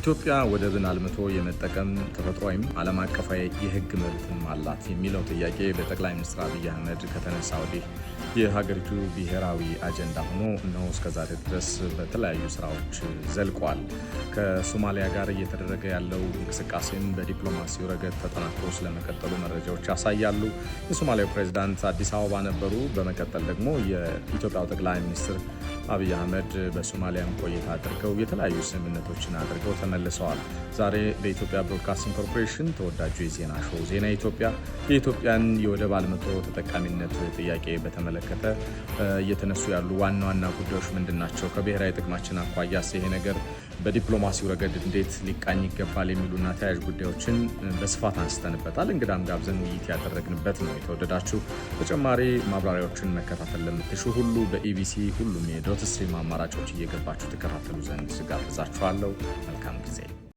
ኢትዮጵያ ወደብን አልምቶ የመጠቀም ተፈጥሯዊም ዓለም አቀፋዊ የሕግ መብትም አላት የሚለው ጥያቄ በጠቅላይ ሚኒስትር አብይ አህመድ ከተነሳ ወዲህ የሀገሪቱ ብሔራዊ አጀንዳ ሆኖ እነሆ እስከዛሬ ድረስ በተለያዩ ስራዎች ዘልቋል። ከሶማሊያ ጋር እየተደረገ ያለው እንቅስቃሴም በዲፕሎማሲው ረገድ ተጠናክሮ ስለመቀጠሉ መረጃዎች ያሳያሉ። የሶማሊያው ፕሬዚዳንት አዲስ አበባ ነበሩ። በመቀጠል ደግሞ የኢትዮጵያው ጠቅላይ ሚኒስትር አብይ አህመድ በሶማሊያም ቆይታ አድርገው የተለያዩ ስምምነቶችን አድርገው ተመልሰዋል። ዛሬ በኢትዮጵያ ብሮድካስቲንግ ኮርፖሬሽን ተወዳጁ የዜና ሾው ዜና ኢትዮጵያ የኢትዮጵያን የወደብ አልምቶ ተጠቃሚነት ጥያቄ በተመለከተ እየተነሱ ያሉ ዋና ዋና ጉዳዮች ምንድን ናቸው? ከብሔራዊ ጥቅማችን አኳያስ ይሄ ነገር በዲፕሎማሲው ረገድ እንዴት ሊቃኝ ይገባል? የሚሉና ተያያዥ ጉዳዮችን በስፋት አንስተንበታል። እንግዳም ጋብዘን ውይይት ያደረግንበት ነው። የተወደዳችሁ ተጨማሪ ማብራሪያዎችን መከታተል ለምትሹ ሁሉ በኢቢሲ ሁሉም ሄደ ዶት ስትሪም አማራጮች እየገባችሁ ተከታተሉ ዘንድ ስጋብዛችኋለሁ። መልካም ጊዜ